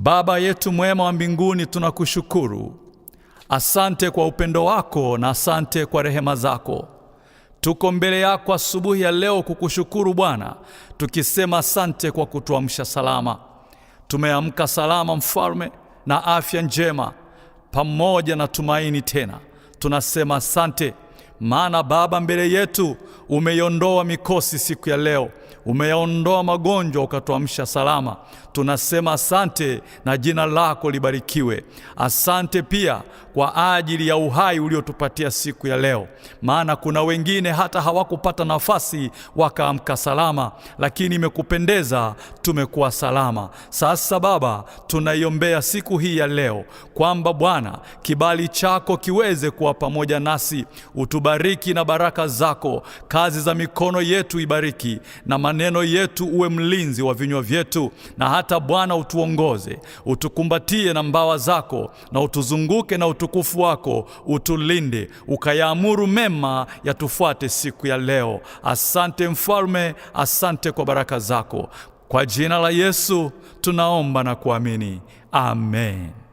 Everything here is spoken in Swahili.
Baba yetu mwema wa mbinguni, tunakushukuru. Asante kwa upendo wako na asante kwa rehema zako. Tuko mbele yako asubuhi ya leo kukushukuru Bwana, tukisema asante kwa kutuamsha salama. Tumeamka salama Mfalme, na afya njema pamoja na tumaini tena. Tunasema asante, maana Baba, mbele yetu umeiondoa mikosi siku ya leo Umeyaondoa magonjwa ukatuamsha salama. Tunasema asante na jina lako libarikiwe. Asante pia kwa ajili ya uhai uliotupatia siku ya leo, maana kuna wengine hata hawakupata nafasi wakaamka salama, lakini imekupendeza tumekuwa salama. Sasa Baba, tunaiombea siku hii ya leo kwamba Bwana kibali chako kiweze kuwa pamoja nasi, utubariki na baraka zako, kazi za mikono yetu ibariki na maneno yetu uwe mlinzi wa vinywa vyetu, na hata Bwana utuongoze, utukumbatie na mbawa zako, na utuzunguke na utukufu wako, utulinde, ukayaamuru mema yatufuate siku ya leo. Asante Mfalme, asante kwa baraka zako. Kwa jina la Yesu tunaomba na kuamini, amen.